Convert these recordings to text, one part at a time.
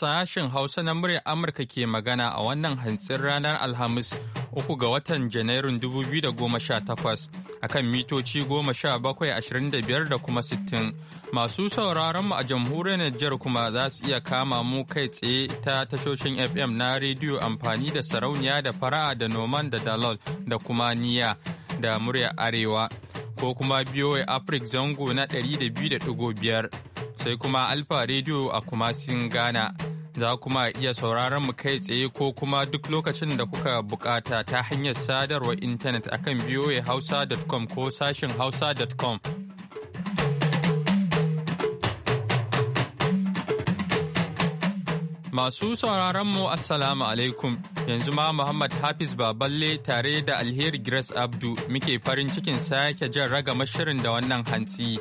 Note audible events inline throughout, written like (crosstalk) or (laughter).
sashen Hausa na muryar Amurka ke magana a wannan hantsin ranar Alhamis uku ga watan Janairun 2018 akan mitoci 1725 da kuma 60. Masu sauraron mu a jamhuriyar Nijar kuma za su iya kama mu kai tsaye ta tashoshin FM na rediyo amfani da sarauniya da fara'a da noman da dalol da kuma niya da muryar arewa ko kuma biyo Afrik zango na 200.5 sai kuma Alfa Radio a Kumasin Ghana. Za kuma iya sauraron mu kai tsaye ko kuma duk lokacin da kuka bukata ta hanyar sadarwar intanet akan hausa.com ko sashin hausa.com. Masu sauraron mu Assalamu alaikum yanzu ma Muhammad Hafiz Baballe tare da Alheri Grace Abdu muke farin cikin sake jan ragama shirin da wannan hantsi.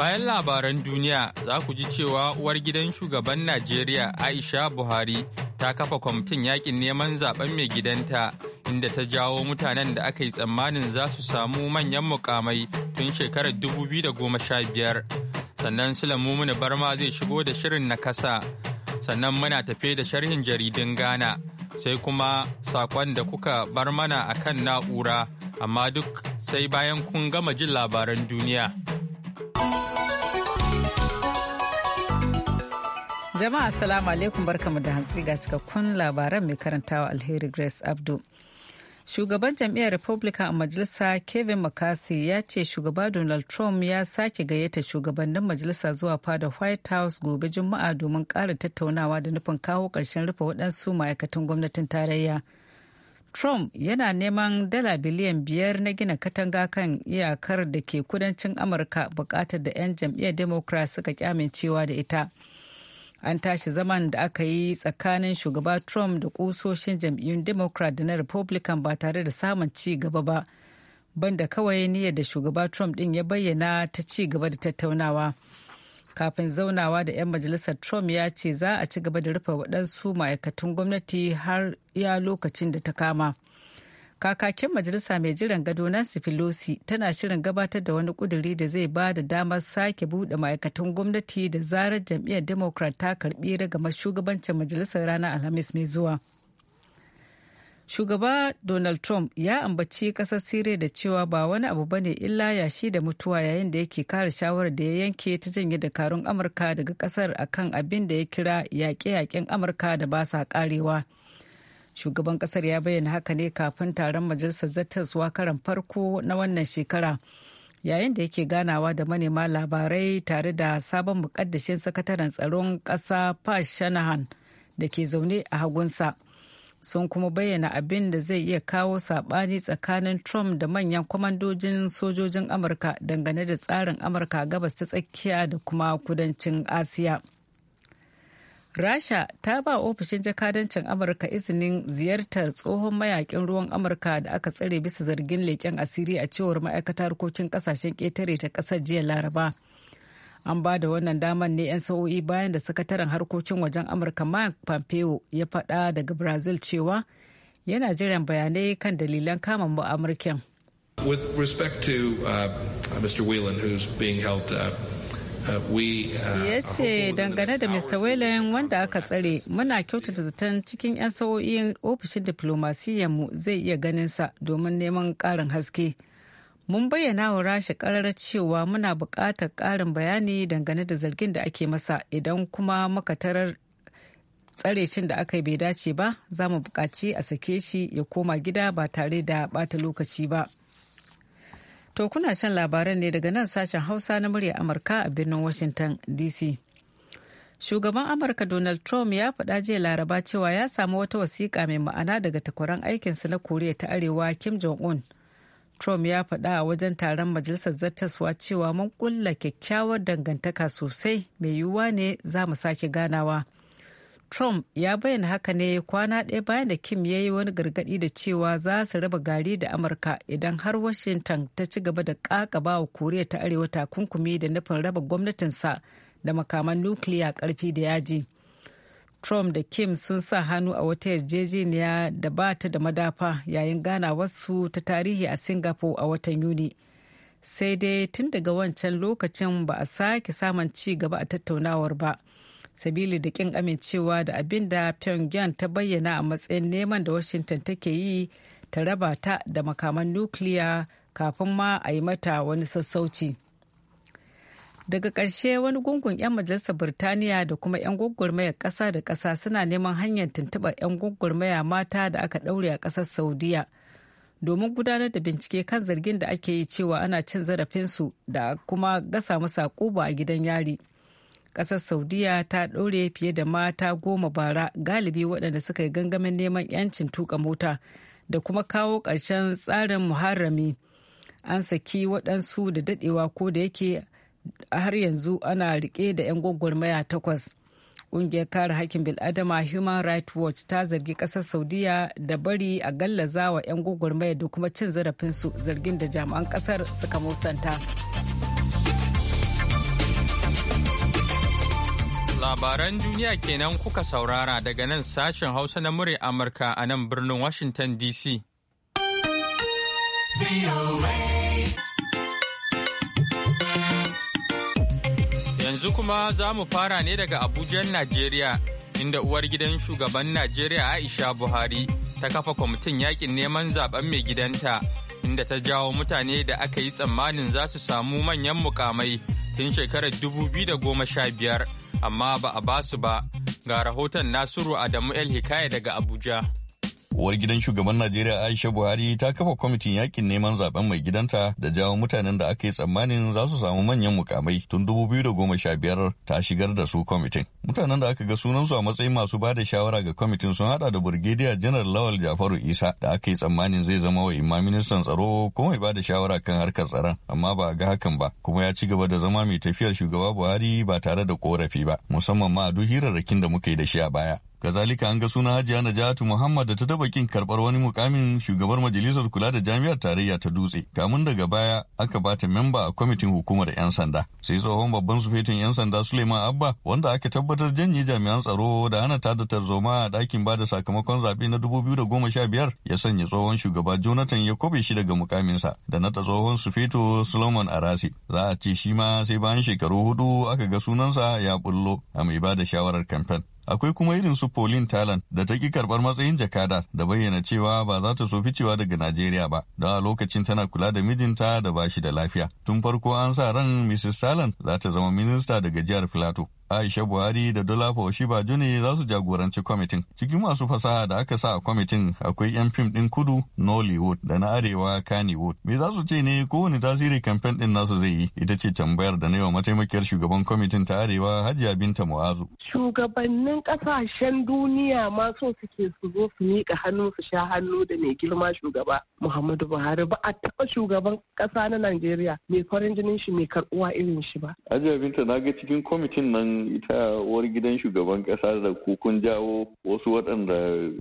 Bayan labaran duniya za ku ji cewa uwar gidan shugaban Najeriya Aisha Buhari ta kafa kwamitin yakin neman zaben mai gidanta inda ta jawo mutanen da aka yi tsammanin za su samu manyan mukamai tun shekarar 2015. Sannan mini Barma zai shigo da shirin na kasa. Sannan muna tafe da sharhin jaridun Ghana sai kuma sakon da kuka bar mana akan na'ura amma duk sai bayan kun gama jin labaran duniya. Jama'a Assalamu alaikum barkamu da hantsi ga cikakkun labaran mai karantawa alheri Grace Abdu. Shugaban jam'iyyar Republican a majalisa Kevin McCarthy ya ce shugaba Donald Trump ya sake gayyata shugabannin majalisa zuwa fada White House gobe Juma'a domin ƙara tattaunawa da nufin kawo ƙarshen rufe waɗansu ma'aikatan gwamnatin tarayya. Trump yana neman dala biliyan biyar na gina katanga kan iyakar da ke kudancin Amurka bukatar da 'yan jam'iyyar Democrat suka cewa da ita. an tashi zaman da aka yi tsakanin shugaba trump da kusoshin jam'iyyun democrat da na republican ba tare da samun ci gaba ba banda kawai niyyar da shugaba trump din ya bayyana ta ci gaba da tattaunawa kafin zaunawa da 'yan majalisar trump ya ce za a ci gaba da rufe waɗansu ma'aikatan gwamnati har ya lokacin da ta kama. kakakin majalisa mai jiran gado Nancy Pelosi tana shirin gabatar da wani kuduri da zai ba da damar sake buɗe ma'aikatan gwamnati da zarar jam'iyyar Democrat ta karɓi ragamar shugabancin majalisar ranar Alhamis mai zuwa. Shugaba Donald Trump ya ambaci ƙasar Siriya da cewa ba wani abu bane illa yashi da mutuwa yayin da yake kare shawarar da ya yanke ta janye dakarun Amurka daga ƙasar akan abin da ya kira yaƙe-yaƙen Amurka da ba sa ƙarewa. shugaban kasar ya bayyana haka ne kafin taron majalisar zattaswa karan farko na wannan shekara yayin da yake ganawa da manema labarai tare da sabon mukaddashin sakataren tsaron kasa pat shanahan da ke zaune a hagunsa sun kuma bayyana abin da zai iya kawo saɓani tsakanin trump da manyan kwamandojin sojojin amurka dangane da tsarin amurka gabas ta tsakiya da kuma kudancin asiya. rasha ta ba ofishin jakadancin amurka izinin ziyartar tsohon mayakin ruwan amurka da aka tsare bisa zargin leƙen asiri a cewar ma'aikatar harkokin kasashen ƙetare ta ƙasar jiya laraba an ba da wannan daman ne 'yan sa'o'i bayan da sakataren harkokin wajen amurka mark pompeo ya faɗa daga brazil cewa yana jiran bayanai kan dalilan kama mu'amurken. with respect to uh, mr whelan who's being held uh, Uh, ya ce dangane da mr Whelan wanda aka tsare muna kyautata zaton cikin 'yan sa'o'in ofishin mu zai iya ganinsa domin neman ƙarin haske mun bayyana wa rasha ƙarar cewa muna buƙatar ƙarin bayani dangane da zargin da ake masa idan kuma muka tarar tsare shin da aka yi bai dace ba za mu buƙaci a sake shi ya koma gida ba tare da ɓata lokaci ba. To kuna shan labaran ne daga nan sashen Hausa na murya Amurka a birnin Washington DC. Shugaban Amurka Donald Trump ya faɗa jiya Laraba cewa ya samu wata wasiƙa mai ma'ana daga takwaran aikinsa na Koriya ta Arewa Kim Jong-un. Trump ya faɗa a wajen taron majalisar zattaswa cewa mun ƙulla kyakkyawar dangantaka sosai mai yiwuwa ne za mu sake ganawa. Trump ya bayyana haka ne kwana ɗaya bayan da Kim ya yi wani gargaɗi da cewa za su raba gari da Amurka idan har Washington ta ci gaba da ƙaƙaba wa Koriya ta Arewa takunkumi da nufin raba gwamnatinsa da makaman nukiliya ƙarfi da yaji. Trump da Kim sun sa hannu a wata yarjejeniya da ba ta da madafa yayin ganawarsu ta tarihi a Singapore a watan Yuni. Sai dai tun daga wancan lokacin ba a sake samun ci gaba a tattaunawar ba. sabili da kin amincewa da abin da pyongyang ta bayyana a matsayin neman da washington take yi ta raba ta da makaman nukiliya kafin ma a yi mata wani sassauci daga ƙarshe wani gungun 'yan majalisar birtaniya da kuma 'yan gwagwarmayar ƙasa da ƙasa suna neman hanyar tuntuɓar 'yan gwagwarmaya mata da aka ɗaure a ƙasar saudiya domin gudanar da bincike kan zargin da ake yi cewa ana cin zarafinsu da kuma gasa masa ƙuba a gidan yari. kasar saudiya ta ɗore fiye da mata goma bara galibi waɗanda suka yi gangamin neman 'yancin tuka mota da kuma kawo ƙarshen tsarin muharrami an saki waɗansu da daɗewa ko da yake har yanzu ana rike da 'yan gwagwarmaya takwas ƙungiyar kare hakkin bil'adama human rights watch ta zargi ƙasar saudiya da bari a gallaza wa 'yan gwagwarmaya da kuma cin zarafinsu zargin da jami'an ƙasar suka musanta. Labaran duniya kenan kuka saurara daga nan sashen Hausa na murya Amurka a nan birnin Washington DC. Yanzu kuma za mu fara ne daga Abujan Najeriya, inda uwar gidan shugaban Najeriya Aisha Buhari ta kafa kwamitin yakin neman zaben mai gidanta, inda ta jawo mutane da aka yi tsammanin za su samu manyan mukamai tun shekarar 2015. amma ba a basu ba ga rahoton Nasiru Adamu El Hikaya daga Abuja. Uwar gidan shugaban Najeriya Aisha Buhari ta kafa kwamitin yakin neman zaben mai gidanta da jawo mutanen da aka yi tsammanin za su samu manyan mukamai tun dubu biyu da goma sha biyar ta shigar da su kwamitin. Mutanen da aka ga sunansu a matsayin masu ba da shawara ga kwamitin sun hada da Burgediya Janar Lawal Jafaru Isa da aka yi tsammanin zai zama wa imma ministan tsaro ko mai ba da shawara kan harkar tsaron amma ba ga hakan ba kuma ya ci gaba da zama mai tafiyar shugaba Buhari ba tare da korafi ba musamman ma a duk hirarrakin da muka yi da shi a baya. Kazalika an ga suna Hajiya Najatu Muhammad da ta taba kin karbar wani mukamin shugabar majalisar kula da jami'ar tarayya ta dutse. Kamun daga baya aka bata memba a kwamitin hukumar 'yan sanda. Sai tsohon babban sufetin 'yan sanda Suleiman Abba wanda aka tabbatar janye jami'an tsaro da hana tada tarzoma a ɗakin bada sakamakon zaɓe na 2015 ya sanya tsohon shugaba Jonathan ya kobe shi daga mukaminsa da na ta tsohon sufeto Solomon Arasi. Za a ce shi ma sai bayan shekaru hudu aka ga sunansa ya bullo a mai bada shawarar kamfen. akwai kuma irin su Pauline Talent da ta ki karbar matsayin jakada da bayyana cewa ba za ta so ficewa daga Najeriya ba don a lokacin tana kula da mijinta da ba shi da lafiya. Tun farko an sa ran Mrs. Talent za ta zama minista daga jihar Filato Aisha Buhari da Dola Fawashiba Juni za su jagoranci kwamitin. Cikin masu fasaha da aka sa a kwamitin akwai 'yan fim ɗin kudu Nollywood da na arewa Kannywood. Me za su ce ne kowane tasiri kamfen ɗin nasu zai yi ita ce tambayar da na yau mataimakiyar shugaban kwamitin ta arewa Hajiya Binta Mu'azu. Shugabannin kasashen duniya ma so suke su zo su miƙa hannu su sha hannu da mai girma shugaba Muhammadu Buhari ba a taɓa shugaban ƙasa na Najeriya mai farin jinin shi mai karɓuwa irin shi ba. Hajiya Binta na ga cikin kwamitin nan ita uwar gidan shugaban kasa da kukun jawo wasu waɗanda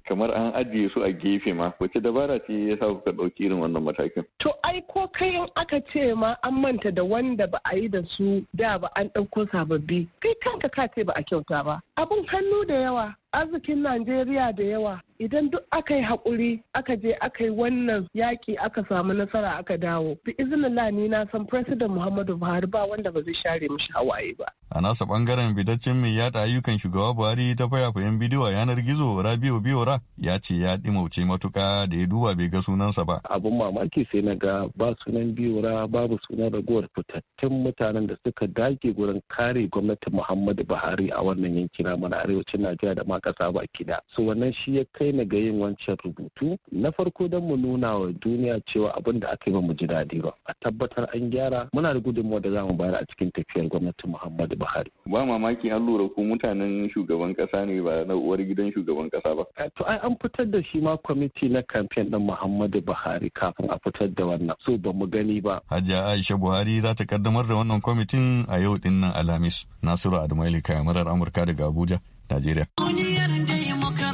kamar an ajiye su a gefe ma wace dabara ce ya sa kuka ɗauki irin wannan matakin. To ai ko kai in aka ce ma an manta da wanda ba a yi da su da ba an ɗauko sababbi kai kanka ka ce ba a kyauta ba abun hannu da yawa arzikin Najeriya da yawa idan duk aka yi haƙuri aka je aka yi wannan yaƙi aka samu nasara aka dawo bi izinin ni na san president Muhammadu Buhari ba wanda ba zai share mishi hawaye ba a nasa bangaren bidaccen mai yada ayyukan shugaba Buhari ta fayafayen bidiyo a yanar gizo Rabiu Biora ya ce ya dimauce matuƙa da ya duba bai ga sunansa ba abun mamaki sai na ga ba sunan ra babu sunan ragowar fitattun mutanen da suka dage gurin kare gwamnatin Muhammadu Buhari a wannan yankin na arewacin Najeriya da ma kasa ƙasa baki da so wannan shi ya kai na ga yin wancan rubutu na farko don mu nuna wa duniya cewa abin da aka yi ba mu ji daɗi ba a tabbatar an gyara muna da gudunmawa da za mu bayar a cikin tafiyar gwamnatin muhammadu buhari ba mamaki an lura ko mutanen shugaban kasa ne ba na uwar gidan shugaban kasa ba eh, to ai an fitar da shi ma kwamiti na kamfen ɗin muhammadu buhari kafin a fitar da wannan so ba mu gani ba hajiya aisha buhari za ta kaddamar da wannan kwamitin a yau ɗin alhamis nasiru adamu kayan murar amurka daga abuja muke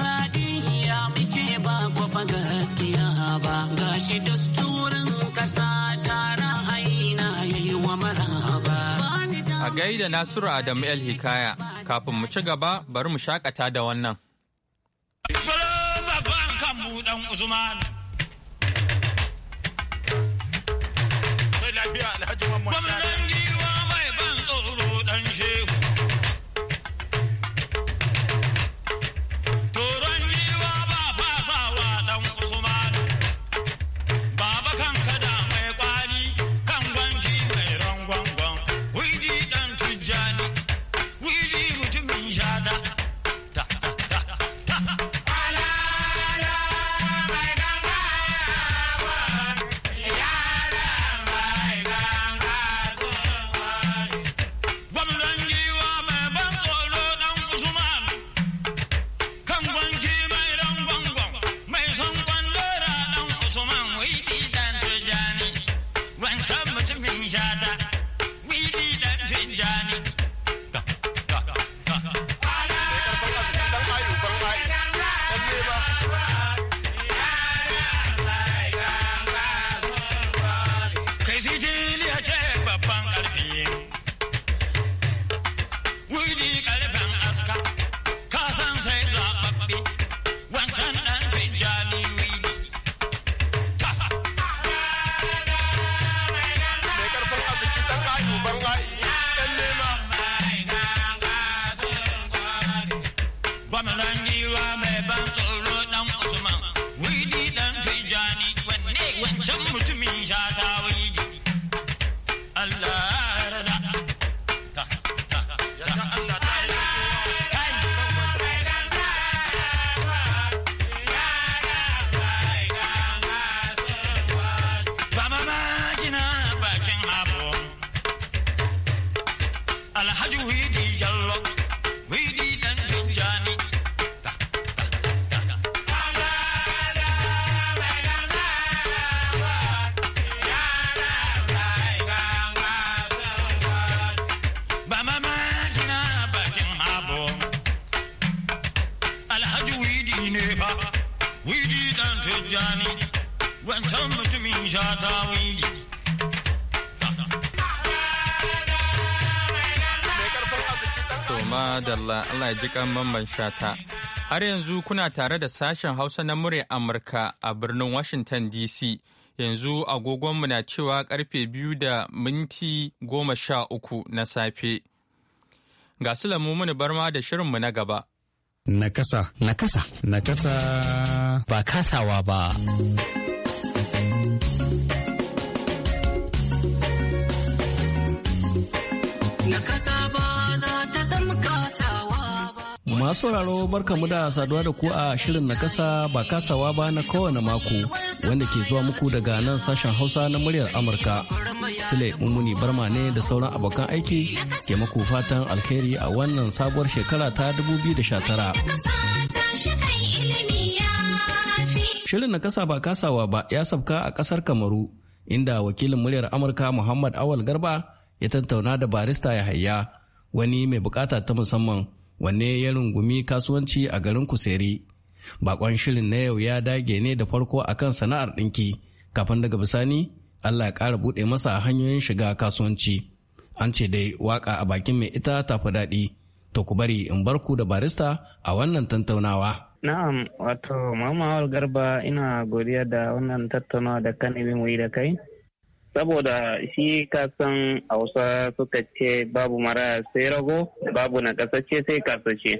ba gaskiya Najeriya. Gashi dasturin kasa tara haina yayi wa marhaba. A gaida Nasiru Adamu El Hikaya, kafin mu ci gaba bari mu shakata da wannan. Gwamnan mutumin shata wili. Allah ya ji kan mamban shata. Har yanzu kuna tare da sashen Hausa na murya Amurka a birnin Washington DC. Yanzu agogonmu na cewa karfe biyu da minti goma sha uku na safe. Ga su bar barma da shirinmu na gaba. Nakasa. Nakasa. Nakasa. Ba kasawa ba. Masu sauraro barkamu da saduwa da ku a shirin na kasa ba kasawa ba na kowane mako wanda ke zuwa muku daga nan sashen Hausa na muryar Amurka. Sule Mummuni Barma ne da sauran abokan aiki ke muku fatan alheri a wannan sabuwar shekara ta 2019. shirin na kasa ba kasawa ba ya sabka a kasar kamaru inda wakilin muryar amurka muhammad awal garba ya tattauna da barista yahaya wani mai bukata ta musamman wanne ya rungumi kasuwanci a garin kuseri bakon shirin na yau ya dage ne da farko akan sana'ar ɗinki kafin daga bisani allah ya ƙara buɗe masa hanyoyin shiga kasuwanci an ce dai waka a bakin mai ita tafi daɗi to ku bari in barku da barista a wannan tattaunawa. na'am wato mama garba ina godiya da wannan tattaunawa da kan mu yi da kai saboda shi kasan hausa suka ce babu mara sai rago babu na kasashe sai kasashe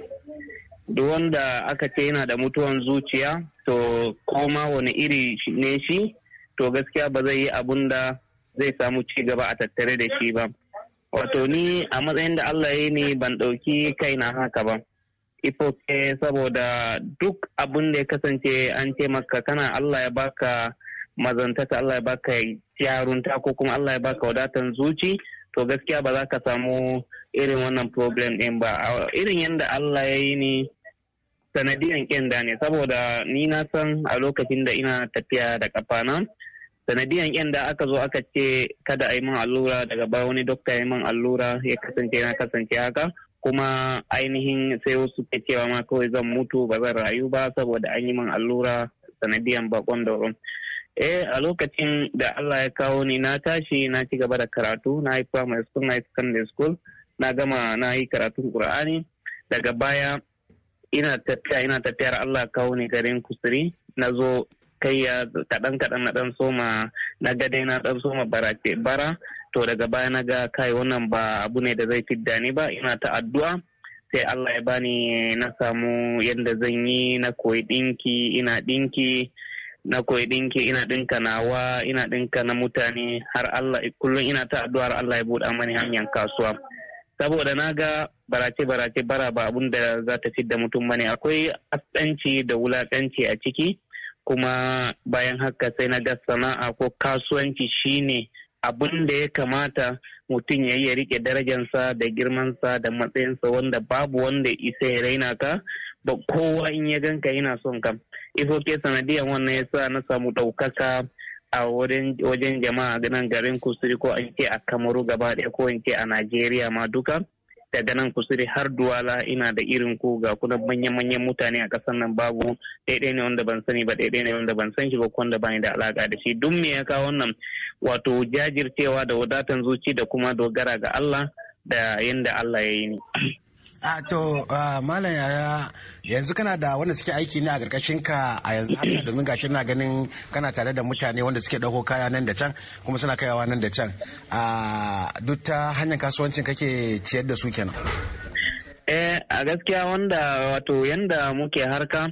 duk wanda aka ce yana da mutuwan zuciya to koma wani iri ne shi to gaskiya ba zai yi abun da zai samu ci gaba a tattare da shi ba wato ni a matsayin da allah ya ni ban ɗauki na haka ba ifoke saboda duk abun da ya kasance an ce maka kana Allah ya baka mazantata Allah ya baka yarunta ko kuma Allah ya baka wadatan zuci to gaskiya ba za ka samu irin wannan problem din ba irin yadda Allah ya yi ni sanadiyan kyanda ne saboda ni na san a lokacin da ina tafiya da kafa nan sanadiyan kenda aka zo aka ce kada a yi min allura daga ba wani dokta ya yi min allura ya kasance na kasance haka kuma ainihin sai wasu ke cewa ma kawai zan mutu ba zan rayu ba saboda an yi min allura sanadiyan bakon doron. Eh a lokacin da Allah ya kawo ni na tashi na ci gaba da karatu na yi primary school na yi secondary school na gama na yi karatun Qur'ani daga baya ina tafiya ina tafiyar Allah kawo ni garin kusuri na zo kai ya kaɗan kaɗan na ɗan soma na gade na ɗan soma barake bara to daga baya na ga kai wannan ba abu ne da zai fidda ni ba ina ta addu'a sai Allah ya bani na samu yadda zan yi na koyi dinki ina dinki. na koyi ɗinki ina ɗinka nawa ina ɗinka na mutane har Allah kullum ina ta addu'ar Allah ya buɗa mani hanyar kasuwa saboda na ga barace barace bara ba abun da za ta da mutum bane akwai asanci da wulakanci a ciki kuma bayan haka sai na ga sana'a ko kasuwanci shine abun da ya kamata mutum ya yi ya rike darajansa da girmansa da matsayinsa wanda babu wanda isa ya raina ka ba kowa in ya ganka yana son ka ke sanadiyar wannan ya sa na samu ɗaukaka a wajen jama'a nan garin kusuri ko in ce a kamaru gaba ɗaya ko in ce a najeriya ma duka daga nan kusuri har duwala ina da irin ku ga kuna manyan-manyan mutane a ƙasar nan babu ɗaiɗai ne wanda ban sani ba ɗaiɗai ne wanda ban san shi ba wanda bani da alaƙa da shi duk me ya kawo wannan wato jajircewa da wadatan zuci da kuma dogara ga Allah da yadda Allah ya yi ni. a to malam yaya yanzu kana da wanda suke aiki ne a karkashin ka a yanzu haka domin gashi na ganin kana tare da mutane wanda suke dauko kaya nan da can kuma suna kaiwa nan da can a duk ta hanyar kasuwancin kake ciyar da su kenan eh a gaskiya wanda wato yanda muke harka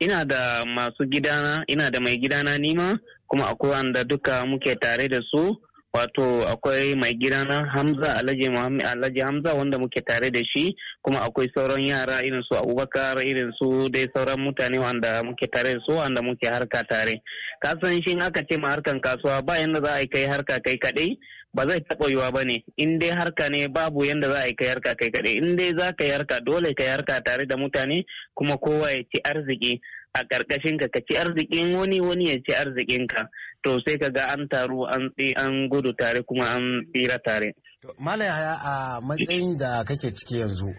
ina da masu gidana ina da mai gidana nima kuma akwai wanda duka muke tare da su wato akwai mai gidana hamza alhaji hamza wanda muke tare da shi kuma akwai sauran yara irin su abubakar irin su dai sauran mutane wanda muke tare da su wanda muke harka tare kasan shi aka ce ma harkan kasuwa ba yanda za a yi kai harka kai kadai ba zai taɓa yiwa ba ne in dai harka ne babu yadda za a yi kai harka kai kadai in dai za ka yi harka dole ka yi harka tare da mutane kuma kowa ya ci arziki a ƙarƙashin ka ka ci arzikin wani wani ya ci arzikin ka to sai ka ga an taru an an gudu tare kuma an tsira tare. Malam Yahaya a matsayin da kake ciki yanzu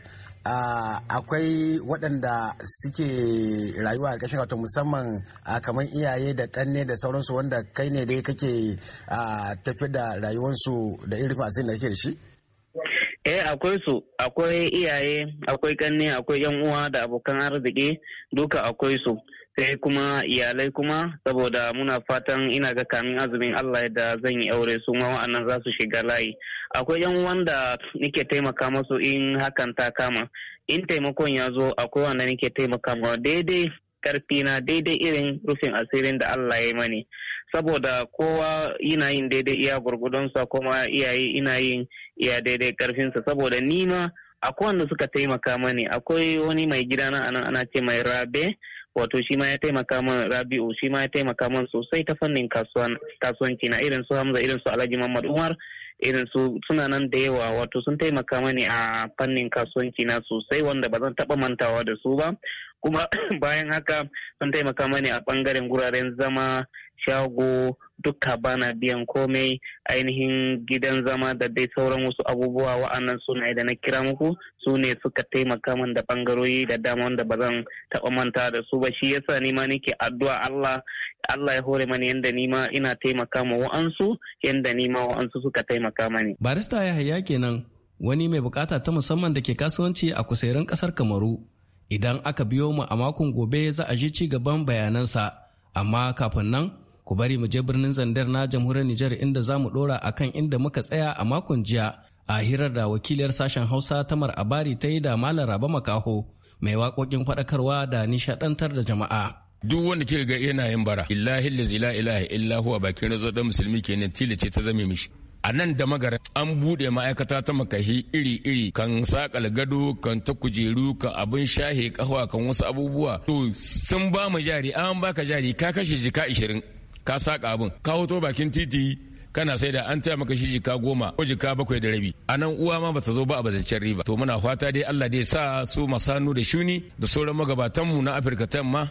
akwai waɗanda suke rayuwa a ƙarƙashin wato musamman kamar iyaye da ƙanne da sauransu wanda kai ne dai kake tafi da rayuwarsu da irin asirin da kake da shi? Eh akwai su, akwai iyaye, akwai kanne, akwai yan uwa da abokan arziki duka akwai su. Sai kuma iyalai kuma saboda muna fatan ina ga kamin azumin Allah da zan yi aure su ma wa'annan za su shiga layi. Akwai yan uwan da nike taimaka masu in hakan ta kama. In taimakon ya zo akwai wanda nike taimaka ma daidai karfi na daidai irin rufin asirin da Allah ya mani. saboda kowa ina yin daidai iya gwargwadonsa kuma iyaye ina yin iya daidai karfinsa saboda ni ma akwai wanda suka taimaka mani akwai wani mai gida na anan ana ce mai rabe wato shi ma ya taimaka min rabi'u shi ma ya taimaka min sosai ta fannin kasuwanci na irin su hamza irin su alhaji muhammad umar irin su suna nan da yawa wato sun taimaka mani a fannin kasuwanci na sosai wanda ba zan taba mantawa da su ba kuma (clears throat) bayan haka sun taimaka mani a bangaren guraren zama shago duka bana biyan komai ainihin gidan zama da dai sauran wasu abubuwa wa'annan sunaye da na kira muku su ne suka taimaka min da bangarori da dama wanda ba zan taɓa manta da su ba shi yasa ni ma nake addu'a Allah Allah ya hore mani yanda ni ma ina taimaka ma wa'ansu yanda ni ma wa'ansu suka taimaka mani. Barista ya haya kenan wani mai bukata ta musamman da ke kasuwanci a kusairin kasar Kamaru idan aka biyo mu a makon gobe za a ji ci gaban bayanansa amma kafin nan ku bari mu je birnin zandar na jamhuriyar Nijar inda za mu dora akan inda muka tsaya a makon jiya a hirar da wakiliyar sashen Hausa Tamar Abari ta yi da Malam Raba Makaho mai waƙoƙin faɗakarwa da nishaɗantar da jama'a. duk wanda ke ga yana yin bara illahi lazi la ilaha illa huwa bakin razo dan musulmi kenan tilace ta zame mishi a nan da magara an bude ma'aikata ta makahi iri-iri kan sakal gado kan ta kujeru kan abin shahe kahwa kan wasu abubuwa to sun ba mu jari an baka jari ka kashe jika ishirin ka saka abin ka hoto bakin titi kana sai da an taya maka shi jika goma ko jika bakwai da rabi a nan uwa ma bata zo ba a bazancen riba to muna fata dai Allah dai sa su masanu da shuni da sauran magabatanmu na Afirka ta ma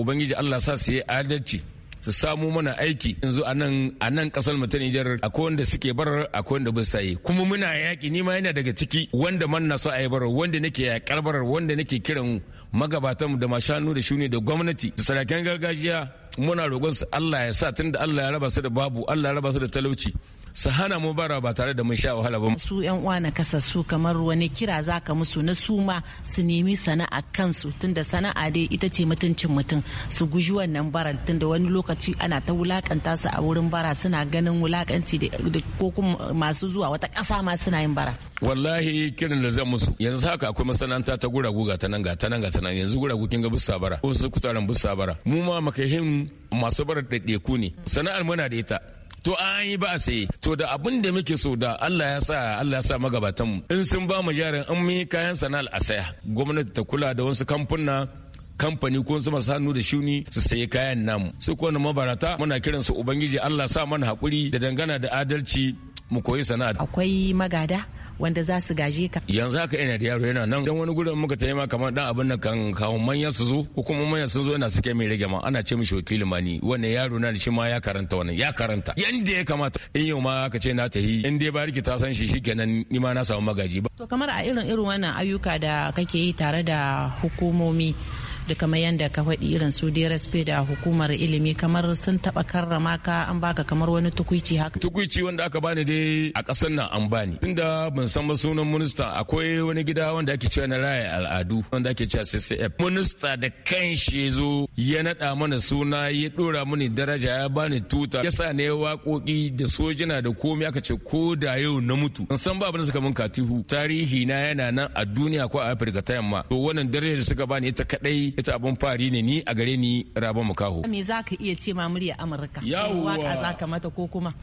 ubangiji Allah sa su yi adalci su samu mana aiki yanzu a nan a nan kasar mu ta Nijar akwai wanda suke bar akwai wanda bin saye kuma muna yaki ni ma yana daga ciki wanda man na so a yi bar wanda nake yakar bar wanda nake kiran magabatanmu da mashanu da shuni da gwamnati da sarakin gargajiya muna roƙon su Allah ya sa tunda Allah ya raba su da babu Allah ya raba su da talauci su hana mu bara ba tare da mun sha wahala ba. Su yan uwa na kasa su kamar wani kira zaka musu na su ma su nemi sana'a kansu tunda sana'a dai ita ce mutuncin mutum su guji wannan bara tunda wani lokaci ana ta wulakanta su a wurin bara suna ganin wulakanci da ko kuma masu zuwa wata ƙasa ma suna yin bara. Wallahi kiran da zan musu yanzu haka akwai masana'anta ta guragu ga ta nan ga ta ga ta yanzu guragu kin ga bussa bara ko su kutaren bussa bara mu ma makahin masu bar ɗaiɗaiku ne sana'ar muna da ita to an yi ba a saye to da abin da muke so da Allah ya sa Allah ya sa magabatan mu in sun ba mu jarin an mun kayan sana'ar a saya gwamnati ta kula da wasu kamfuna kamfani ko su masu hannu da shuni su sayi kayan namu su ko mabarata muna kiran su ubangiji Allah sa mana hakuri da dangana da adalci mu koyi sana'a akwai magada wanda za su gaje ka yanzu haka ina da yaro yana nan dan wani gurin muka taimaka kamar dan abin nan kan kawo manyan su zo ko kuma manyan sun zo ina suke mai rage ma ana ce mishi wakilin mani wannan yaro na shi ma ya karanta wannan ya karanta yanda ya kamata in yau ma ka ce na tahi in dai bariki ta san shi shikenan ni ma na samu magaji ba to kamar a irin irin wannan ayyuka da kake yi tare da hukumomi da kamar yadda ka faɗi irin su DRSP da hukumar ilimi kamar sun taɓa karrama ka an baka kamar wani tukuici haka. Tukuici wanda aka bani dai a ƙasar nan an bani. Tunda ban san ba sunan minista akwai wani gida wanda ake cewa na raya al'adu wanda ake cewa CCF. Minista da kanshi ya zo ya naɗa mana suna ya ɗora mini daraja ya bani tuta ya sa ne waƙoƙi da sojina da komai aka ce ko da yau na mutu. Ban san ba abinda suka min katihu. Tarihi na yana nan a duniya ko a Afirka ta yamma. To wannan darajar da suka bani ita kaɗai ita abun fari ne ni a gare ni Rabo Mukaho. Me za ka iya ce ma murya Amurka? Yawwa. Waka za ka mata ko kuma?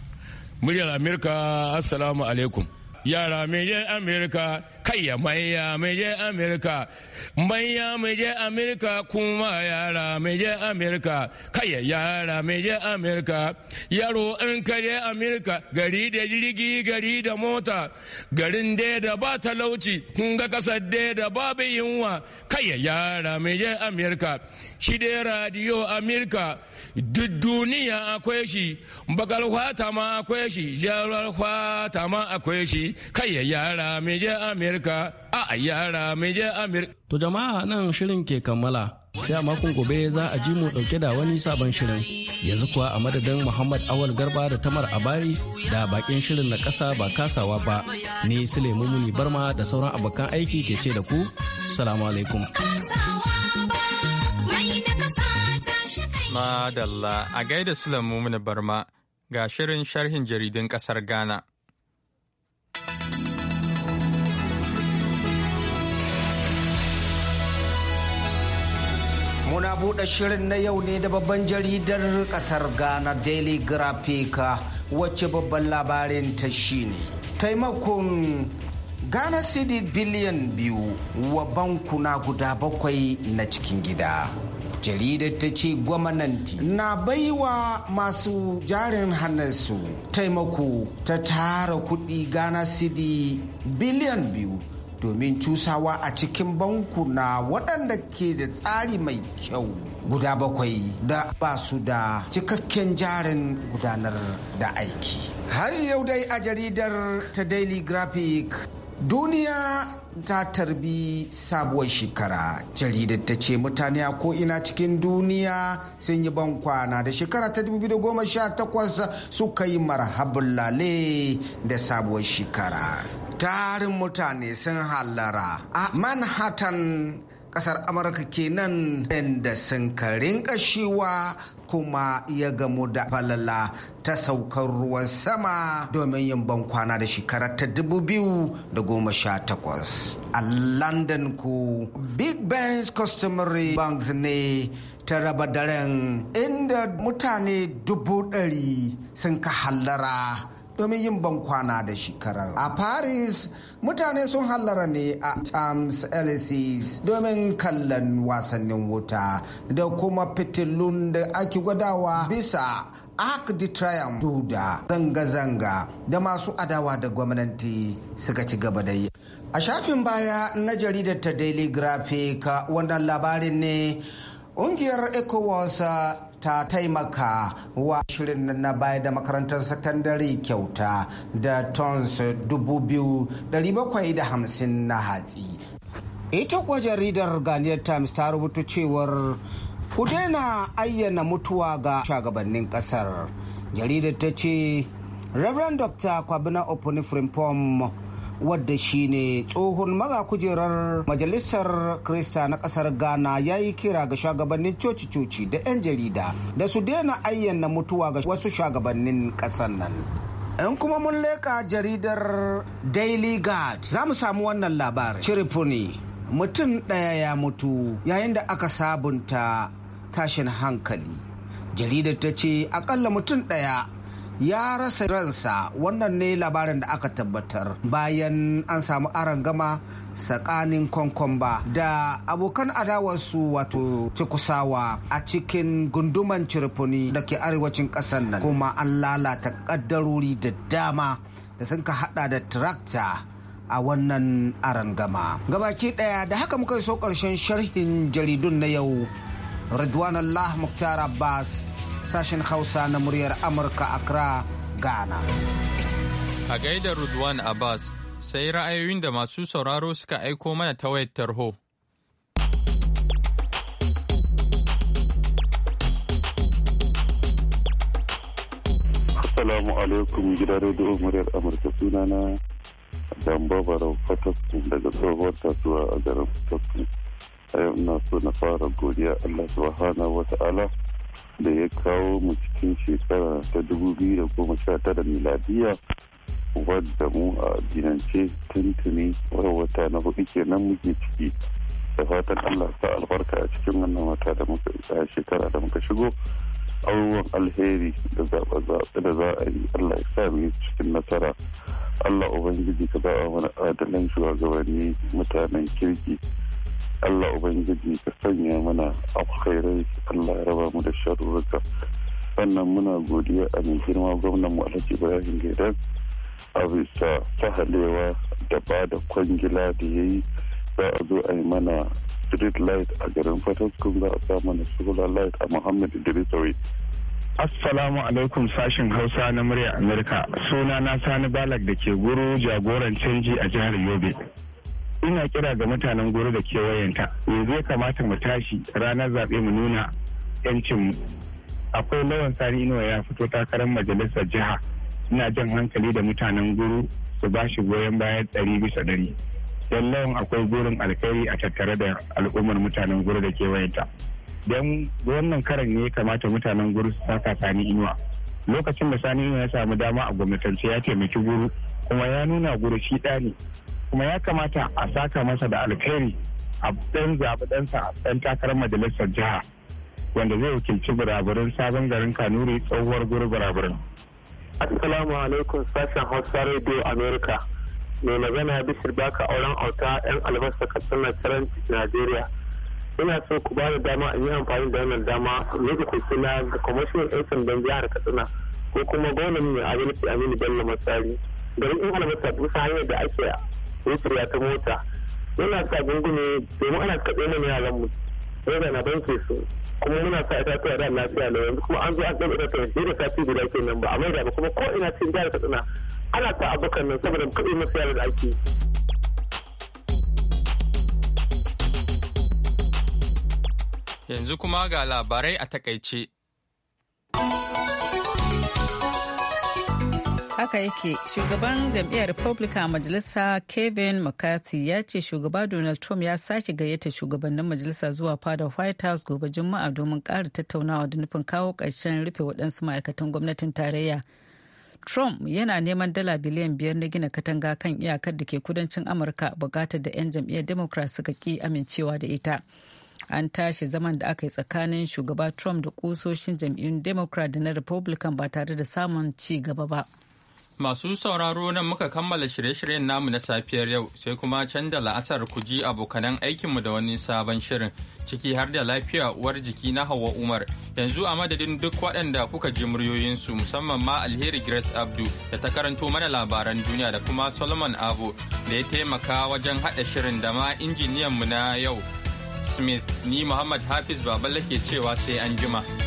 Muryar Amurka Assalamu alaikum. yara mai je amerika kayya manya mai je amerika manya mai je amerika kuma yara mai je amerika kayya yara mai je amerika yaro an ka je amerika gari da jirgi gari da mota garin da da ba talauci kun ga kasar da da babu yunwa kayya yara mai je amerika shi da radiyo amerika duk duniya akwai shi bakal fata ma akwai shi jarar fata ma akwai shi kai yara mai je amerika a yara mai je amerika to jama'a nan shirin ke kammala sai a makon gobe za a ji mu dauke da wani sabon shirin yanzu kuwa a madadin muhammad awal garba da tamar abari da bakin shirin na kasa ba kasawa ba ni sule muni barma da sauran abokan aiki ke ce da ku salamu alaikum Madalla a gaida muni Barma ga shirin sharhin jaridun ƙasar Ghana. na buɗe shirin na yau ne da babban jaridar ƙasar Ghana Daily Graphic wacce babban labarin ta shi ne Taimakon Ghana City biliyan biyu wa banku na guda bakwai na cikin gida. jaridar ta ce gwamnati na baiwa masu jarin hannunsu taimako ta tara kudi ghana city biliyan biyu domin cusawa a cikin bankuna waɗanda ke da tsari mai kyau guda bakwai da ba su da cikakken jarin gudanar da aiki. Har yau dai a jaridar ta Daily Graphic duniya ta tarbi sabuwar shekara jaridar ta ce mutane a ko'ina cikin duniya sun yi ban kwana da shekara ta 2018 suka yi marhabin lale da sabuwar shekara tarin mutane sun hallara a manhattan kasar amurka kenan inda sun karin kashewa kuma ya gamu da falala ta saukar ruwan sama domin yin ban kwana da shekarar ta da goma sha takwas. a london ku big ben's customary banks ne ta raba daren inda mutane dubu ɗari sun ka hallara domin yin ban kwana da shekarar. A Paris mutane sun hallara ne a Thames Elysees domin kallon wasannin wuta da kuma fitilun da ake gwadawa bisa Arc de Triomphe Duda zanga-zanga da masu adawa da gwamnati suka ci gaba da yi. A shafin baya na jaridar ta Daily Graphic wannan labarin ne ƙungiyar ECOWAS ta taimaka wa shirin na baya da makarantar sakandare kyauta da tons 2,750 na hatsi ita kuwa jaridar ghanaian times ta rubuta cewar ku daina ayyana mutuwa ga shugabannin kasar jaridar ta ce reverend dr kwabena oponifrimpom wadda shine tsohon maga kujerar majalisar krista na kasar ghana ya yi kira ga shugabannin coci-coci da 'yan jarida da su daina ayyana mutuwa ga wasu shugabannin kasar nan in kuma mun leka jaridar daily guard za mu samu wannan labarin shirifuni mutum ɗaya ya mutu yayin da aka sabunta tashin hankali jaridar ta ce akalla mutum ɗaya ya rasa ransa wannan ne labarin da aka tabbatar bayan an samu aron gama tsakanin kwankwamba da abokan adawarsu wato cikusawa a cikin gunduman cirfuni da ke arewacin ƙasar nan kuma an lalata ƙaddarori da dama da sun ka hada da tirakta a wannan aron gama. gabaki daya da haka muka so ƙarshen sharhin jaridun na yau Ridwan Allah Muktar Abbas sashen Hausa na muryar Amurka Accra, Ghana. A gaidar Rudwan Abbas, sai ra'ayoyin da masu sauraro suka aiko mana ta wayar tarho. Assalamu alaikum gidan rediyo muryar Amurka sunana Damba Barau Fatakku daga tsohuwar tasuwa a garin Fatakku. A yau ina so na fara godiya Allah subhanahu wa ta'ala da ya kawo mu cikin shekara ta sha tara miladiya wadda mu a addinance tuntuni wata na hudu kenan muke ciki da fatan allah sa albarka a cikin wannan wata da muka shekara da muka shigo abubuwan alheri da zaɓe da za a yi allah ya sa mu cikin nasara allah ubangiji ka ba mana adalin shugabanni mutanen kirki Allah Ubangiji ka sanya mana alkhairai Allah ya raba mu da sharurruka sannan muna godiya a mai girma gwamnan mu Alhaji Ibrahim Gaidan a bisa sahalewa da ba da kwangila da ya yi za a zo a yi mana street light a garin Fataskun za a sa mana solar light a Muhammad Idrisawai. Assalamu alaikum sashin Hausa na murya Amurka. Suna na Sani Balak da ke guru jagoran canji a jihar Yobe. ina kira ga mutanen goro da kewayenta yanzu ya kamata mu tashi ranar zaɓe mu nuna yancin akwai lawan sani inuwa ya fito takarar majalisar jiha ina jan hankali da mutanen guru su ba shi goyon bayan ɗari bisa ɗari don lawan akwai gurin alkhairi a tattare da al'ummar mutanen guru da kewayenta don wannan karan ne ya kamata mutanen guru su saka sani inuwa lokacin da sani inuwa ya samu dama a gwamnatance ya taimaki guru kuma ya nuna guru shi ɗani kuma ya kamata a saka masa da alkhairi a ɗan zaɓi a ɗan takarar majalisar jiha wanda zai wakilci buraburin sabon garin kanuri tsohuwar guri buraburin. assalamu alaikum sashen hausa radio america mai magana bishir baka auren auta yan albasa katsina taron nigeria ina so ku ba da dama in yi amfani da wannan dama ne ku kula ga commercial agent don jihar katsina ko kuma gwamnati mai abinci aminu bello masari garin in albasa bisa hanyar da ake ya ta mota yana sa gungume domin ana kaɗe mana yaran mu roba na banke su kuma muna sa itatuwa da lafiya na yanzu kuma an zo an ɗaɓa ta yanzu da sati guda nan ba a maida ba kuma ko ina cikin jihar katsina ana sa abokan nan saboda kaɗe masu yaran da ake Yanzu kuma ga labarai a takaice. haka yake shugaban jam'iyyar republican majalisa kevin mccarthy ya ce shugaba donald trump ya sake gayyata shugabannin majalisa zuwa fadar white house gobe juma'a domin kara tattaunawa da nufin kawo karshen rufe waɗansu ma'aikatan gwamnatin tarayya trump yana neman dala biliyan biyar na gina katanga kan iyakar da ke kudancin amurka bukatar da 'yan jam'iyyar democrat suka ki amincewa da ita an tashi zaman da aka yi tsakanin shugaba trump da kusoshin jam'iyyun democrat da na republican ba tare da samun ci gaba ba. Masu sauraro nan muka kammala shirye-shiryen namu na safiyar yau sai kuma canza la'asar ku ji abokanan aikinmu da wani sabon shirin ciki har da lafiya uwar jiki na Hauwa Umar. Yanzu a madadin duk waɗanda kuka ji muryoyinsu musamman ma Alheri Grace Abdu da ta karanto mana labaran duniya da kuma Solomon abu da ya taimaka wajen haɗa shirin da ma injiniyanmu na yau. Smith ni Muhammad Hafiz Baballe ke cewa sai an jima.